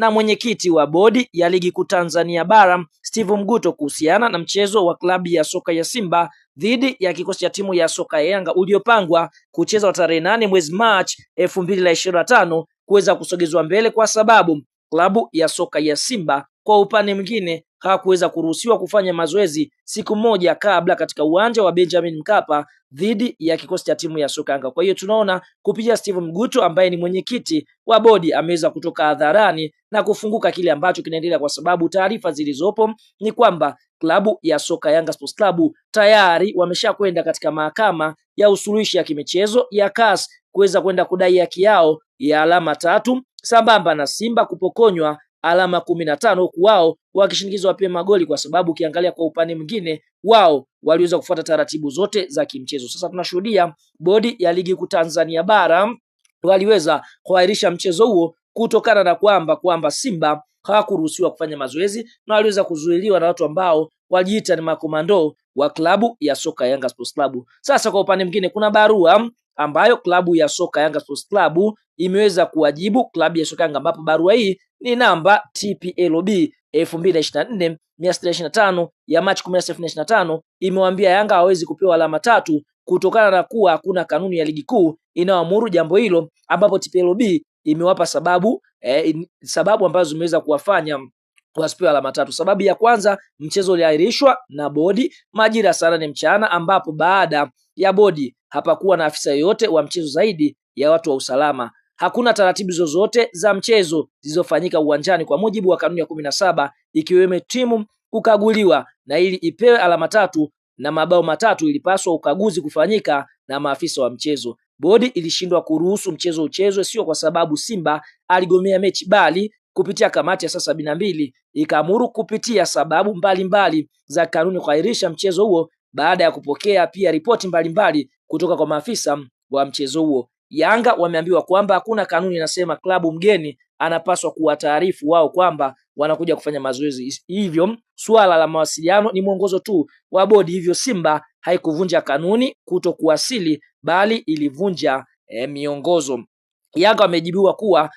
na mwenyekiti wa bodi ya ligi kuu Tanzania bara Steve Mguto kuhusiana na mchezo wa klabu ya soka ya Simba dhidi ya kikosi cha timu ya soka ya Yanga uliopangwa kuchezwa tarehe nane mwezi Machi elfu mbili na ishirini na tano kuweza kusogezwa mbele kwa sababu klabu ya soka ya Simba kwa upande mwingine hakuweza kuruhusiwa kufanya mazoezi siku moja kabla katika uwanja wa Benjamin Mkapa dhidi ya kikosi cha timu ya soka Yanga. Kwa hiyo tunaona kupitia Steve Mguto ambaye ni mwenyekiti wa bodi ameweza kutoka hadharani na kufunguka kile ambacho kinaendelea, kwa sababu taarifa zilizopo ni kwamba klabu ya soka Yanga Sports Club tayari wameshakwenda katika mahakama ya usuluhishi ya kimichezo ya CAS kuweza kwenda kudai haki yao ya alama tatu sambamba na Simba kupokonywa alama kumi na tano huku wao wakishinikizwa wapime magoli, kwa sababu ukiangalia kwa upande mwingine wao waliweza kufuata taratibu zote za kimchezo. Sasa tunashuhudia bodi ya ligi kuu Tanzania bara waliweza kuahirisha mchezo huo kutokana na kwamba kwamba Simba hawakuruhusiwa kufanya mazoezi na waliweza kuzuiliwa na watu ambao wajiita ni makomando wa klabu ya soka Yanga Sports Club. Sasa kwa upande mwingine kuna barua ambayo klabu ya soka Yanga Sports Club imeweza kuwajibu klabu ya soka Yanga, ambapo barua hii ni namba TPLB 2024 125 ya Machi 16 2025 imewaambia Yanga hawezi kupewa alama tatu kutokana na kuwa hakuna kanuni ya ligi kuu inayoamuru jambo hilo, ambapo TPLB imewapa sababu eh, sababu ambazo zimeweza kuwafanya wasipewe alama tatu. Sababu ya kwanza, mchezo uliahirishwa na bodi majira saa nane mchana, ambapo baada ya bodi hapakuwa na afisa yoyote wa mchezo zaidi ya watu wa usalama. Hakuna taratibu zozote za mchezo zilizofanyika uwanjani kwa mujibu wa kanuni ya kumi na saba ikiwemo timu kukaguliwa, na ili ipewe alama tatu na mabao matatu ilipaswa ukaguzi kufanyika na maafisa wa mchezo. Bodi ilishindwa kuruhusu mchezo uchezwe, sio kwa sababu Simba aligomea mechi, bali kupitia kamati ya saa sabini na mbili ikaamuru kupitia sababu mbalimbali mbali za kanuni kuahirisha mchezo huo baada ya kupokea pia ripoti mbalimbali kutoka kwa maafisa wa mchezo huo. Yanga wameambiwa kwamba hakuna kanuni inasema klabu mgeni anapaswa kuwataarifu wao kwamba wanakuja kufanya mazoezi, hivyo suala la mawasiliano ni mwongozo tu wa bodi. Hivyo Simba haikuvunja kanuni kuto kuwasili, bali ilivunja eh, miongozo. Yanga wamejibiwa kuwa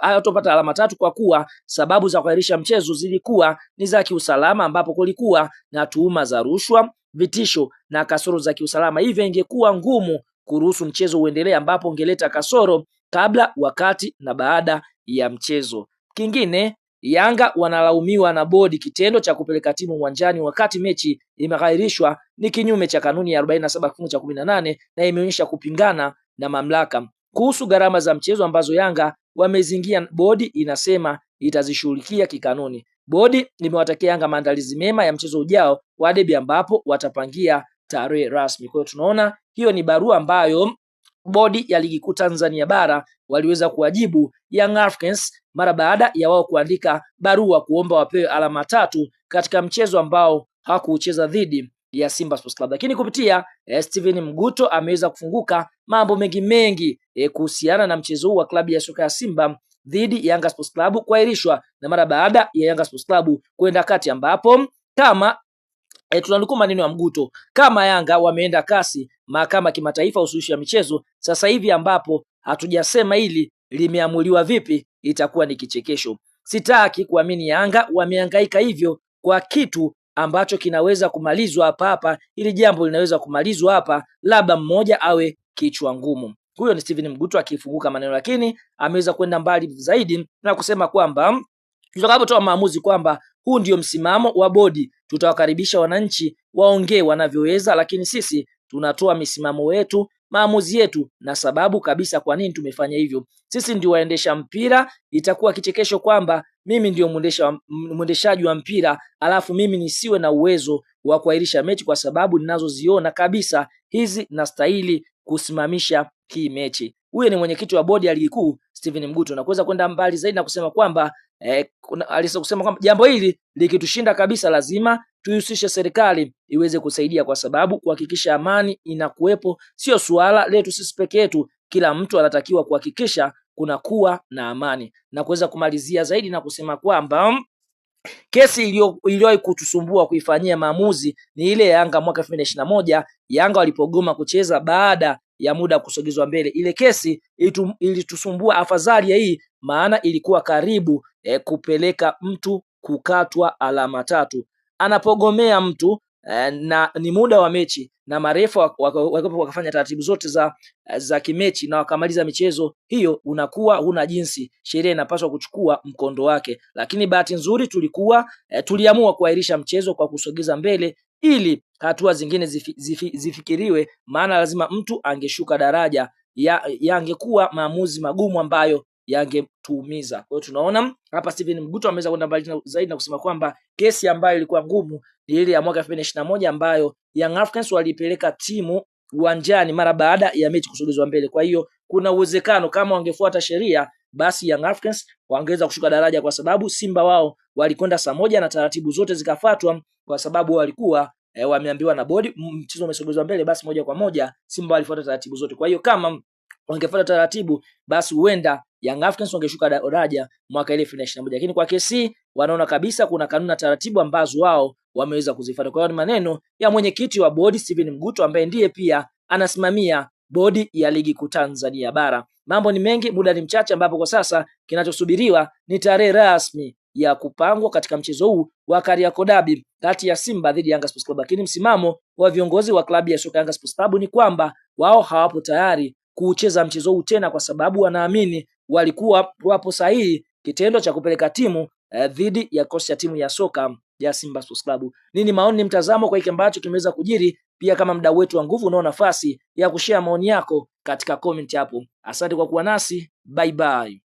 haitopata alama tatu kwa kuwa sababu za kuahirisha mchezo zilikuwa ni za kiusalama, ambapo kulikuwa na tuhuma za rushwa, vitisho na kasoro za kiusalama. Hivyo ingekuwa ngumu kuruhusu mchezo uendelee, ambapo ungeleta kasoro kabla, wakati na baada ya mchezo. Kingine, Yanga wanalaumiwa na bodi. Kitendo cha kupeleka timu uwanjani wakati mechi imeghairishwa ni kinyume cha kanuni ya 47 kifungu cha 18 na imeonyesha kupingana na mamlaka. Kuhusu gharama za mchezo ambazo Yanga wamezingia, bodi inasema itazishughulikia kikanuni. Bodi imewatakia Yanga maandalizi mema ya mchezo ujao wa debi, ambapo watapangia tarehe rasmi. Kwa hiyo tunaona hiyo ni barua ambayo bodi ya ligi kuu Tanzania bara waliweza kuwajibu Young Africans mara baada ya wao kuandika barua kuomba wapewe alama tatu katika mchezo ambao hawakuucheza dhidi ya Simba Sports Club. Lakini kupitia eh, Steven Mguto ameweza kufunguka mambo mengi mengi eh, kuhusiana na mchezo huu wa klabu ya soka ya Simba dhidi ya Yanga Sports Club kuahirishwa na mara baada ya Yanga Sports Club kwenda kati, ambapo kama eh, tunanukuu maneno ya Mguto, kama Yanga wameenda kasi mahakama kimataifa usuluhishi ya michezo sasa hivi, ambapo hatujasema hili limeamuliwa vipi, itakuwa ni kichekesho. Sitaki kuamini Yanga wamehangaika hivyo kwa kitu ambacho kinaweza kumalizwa hapa hapa. ili jambo linaweza kumalizwa hapa, labda mmoja awe kichwa ngumu. Huyo ni Steven mgutu akifunguka maneno, lakini ameweza kwenda mbali zaidi na kusema kwamba tutakapotoa maamuzi kwamba huu ndio msimamo wa bodi, tutawakaribisha wananchi waongee wanavyoweza, lakini sisi tunatoa misimamo yetu, maamuzi yetu na sababu kabisa kwa nini tumefanya hivyo. Sisi ndio waendesha mpira. Itakuwa kichekesho kwamba mimi ndio mwendeshaji wa mpira alafu mimi nisiwe na uwezo wa kuahirisha mechi kwa sababu ninazoziona kabisa hizi nastahili kusimamisha hii mechi. Huyo ni mwenyekiti wa bodi ya ligi kuu Steven Mguto, na kuweza kwenda mbali zaidi na kusema kwamba eh, kusema kwamba jambo hili likitushinda kabisa, lazima tuihusishe serikali iweze kusaidia, kwa sababu kuhakikisha amani inakuwepo sio suala letu sisi peke yetu. Kila mtu anatakiwa kuhakikisha kuna kuwa na amani, na kuweza kumalizia zaidi na kusema kwamba kesi iliyowahi kutusumbua kuifanyia maamuzi ni ile ya Yanga mwaka elfu na na moja Yanga walipogoma kucheza baada ya muda kusogezwa mbele. Ile kesi ilitusumbua afadhali ya hii, maana ilikuwa karibu eh, kupeleka mtu kukatwa alama tatu anapogomea mtu eh, na ni muda wa mechi na marefa wakafanya taratibu zote za, za kimechi na wakamaliza michezo hiyo, unakuwa huna jinsi, sheria inapaswa kuchukua mkondo wake. Lakini bahati nzuri tulikuwa e, tuliamua kuahirisha mchezo kwa kusogeza mbele ili hatua zingine zifi, zifi, zifikiriwe, maana lazima mtu angeshuka daraja ya, yangekuwa maamuzi magumu ambayo yangetuumiza. Kwa hiyo tunaona hapa Stephen Mguto ameweza kwenda mbali zaidi na kusema kwamba kesi ambayo ilikuwa ngumu ni ile ya mwaka 2021 ambayo Young Africans waliipeleka timu uwanjani mara baada ya mechi kusogezwa mbele. Kwa hiyo kuna uwezekano kama wangefuata sheria basi Young Africans wangeweza kushuka daraja, kwa sababu Simba wao walikwenda saa moja na taratibu zote zikafuatwa, kwa sababu walikuwa e, wameambiwa na bodi mchezo umesogezwa mbele, basi moja kwa moja Simba walifuata taratibu zote. Kwa hiyo kama wangefuata taratibu, basi huenda Young Africans wangeshuka daraja mwaka 2021, lakini kwa KC wanaona kabisa kuna kanuni na taratibu ambazo wao wameweza kuzifuata. Kwa hiyo ni maneno ya mwenyekiti wa bodi Steven Mguto ambaye ndiye pia anasimamia bodi ya ligi kuu Tanzania bara. Mambo ni mengi, muda ni mchache, ambapo kwa sasa kinachosubiriwa ni tarehe rasmi ya kupangwa katika mchezo huu wa Kariakoo Derby kati ya Simba dhidi ya Yanga Sports Club. Lakini msimamo wa viongozi wa klabu ya soka Yanga Sports Club ni kwamba wao hawapo tayari kucheza mchezo huu tena, kwa sababu wanaamini walikuwa wapo sahihi kitendo cha kupeleka timu eh, dhidi ya kosi ya timu ya soka ya Simba Sports Club. Nini maoni ni mtazamo kwa hiki ambacho kimeweza kujiri? Pia kama mdau wetu wa nguvu, unao nafasi ya kushare maoni yako katika comment hapo. Asante kwa kuwa nasi, bye bye.